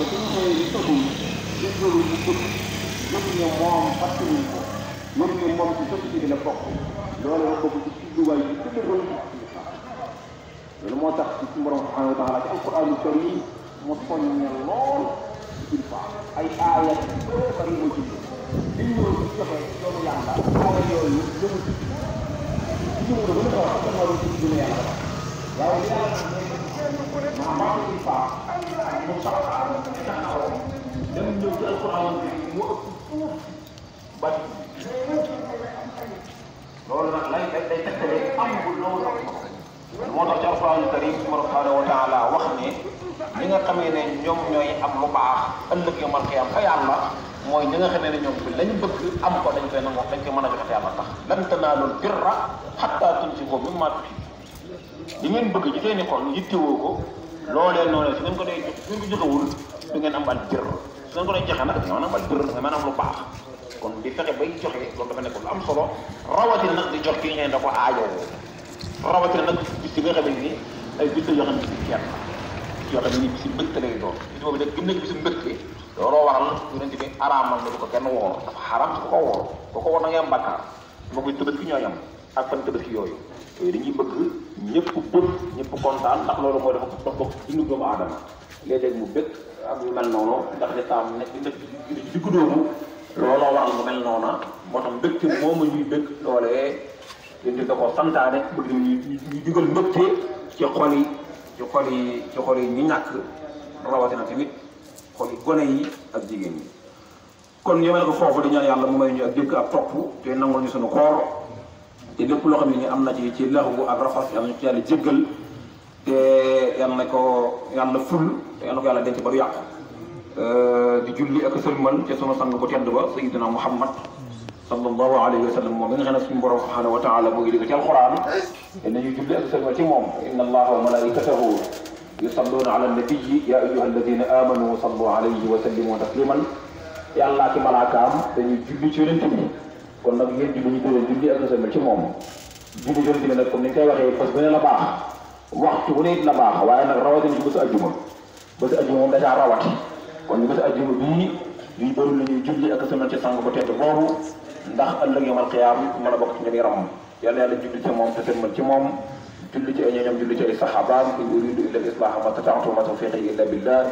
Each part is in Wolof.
ne bi ñu ñëwee li tëbul li jëlu li jël yëpp ne moom fàttali ko yëpp ne moom ci société bi la bokk loolu la bokk ci jubluwaay bi gën a rëy loolu moo tax ci suñu borom subhanahu wa taala ci alquraanu karim mu soññe lool ci ay aaya bari mu ci li ñu ci joxe loolu yàlla aaya yooyu jëmu ci jëmu ko lu ko wax ak loolu ci jëmu yàlla waaye li yàlla maa maa ngi faa mu sax bi alxuraan moo ëpp fuuf bàtt loolu nag lay day day tegtale am bu loolu moo tax ci alxuraan karim subhanahu wa taala wax ne ñi nga xamee ne ñoom ñooy am lu baax ëllëg yu man xiyam fa yàlla mooy ñi nga xamee ne ñoom bi lañ bëgg am ko dañ koy nangoo dañ koy mën a joxe te yàlla tax lan tanaalul birra xattaa tunfiqu mimmaa tuhibbuun li ngeen bëgg ji tey ni ko yittewoo ko loolee noonu si ngeen ko dee su ngeen ko joxewul du ngeen am al birr su ko doon joxe nag maanaam ak bërëb mooy maanaam lu baax kon di fexe bay joxe loolu dafa nekk lu am solo rawatina nag di jox kii ngeen da ko aajowoo rawatina nag bis ay bis yoo xam ne si kenn yoo xam ne bis yu mbëgte lay doon bis looloo waral yonent bi araamal na du ko kenn woor dafa xaram su ko woor ko woor na am bakkaar moo koy tëbët ki ñooy ak fan tëbët ki yooyu yooyu dañuy bëgg ñëpp bëgg ñëpp kontaan ndax loolu mooy dafa bokk dund doomu aadama léeg-léeg mu bëgg ak yu mel noonu ndax lislaam nekk dëkk di diggu doomu looloo waral mu mel noona moo tax mbégte moomu ñuy bëgg loolee dindi da ko santaane bëgg ñu ñu jugal mbégte ci xol yi ci xol yi ci ñu ñàkk rawatina tamit xol yi gone yi ak jigéen yi kon yemale ko foofu di ñaan yàlla mu may ñu ak dégg ak topp te nangul ñu suñu koor te lépp loo xam ne ñu am na ci ci laxu ak rafas yàlla ñu ci yàlla jéggal te yàlla na ko yàlla na ful te yàlla na ko yàlla denc ba du yàq di julli ak sëlmal te sunu sang bu tedd ba sayyidina Muhammad sallallahu alayhi wa sallam moom mi nga xam ne suñu borom subhanahu wa taala mu ngi dégg ci alquran nañu julli ak sëlmal ci moom inna allaha wa malaikatahu yusalluna ala nabiyyi ya ayyuha alladina amanu sallu alayhi wa sallimu tasliman yàlla ki malaakaam dañuy julli ci yonent bi kon nag yéen julli ñu tuddee julli ak sëlmal ci moom julli yonent bi nag comme ni ñu koy waxee fas bu ne la baax waxtu wu ne it la baax waaye nag rawatina ci bésu ajjuma bésu ajjuma moom dacaa rawati kon ñu bésu ajjuma bii ñu bëri la ñuy julli ak semaine ci sang bu tedd boobu ndax ëllëg yomal xiyaam mën a bokk ci ñoom yaram yàlla yàlla julli ci moom julli ci ay ñoñam julli ci ay saxaabaam in uridu illa al-islaaha ma stata'tu wa ma illa billah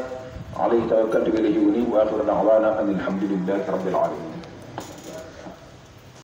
alayhi tawakkaltu wa ilayhi uniib wa aaxiru da'waanaa an alhamdulillahi rabbil aalamiin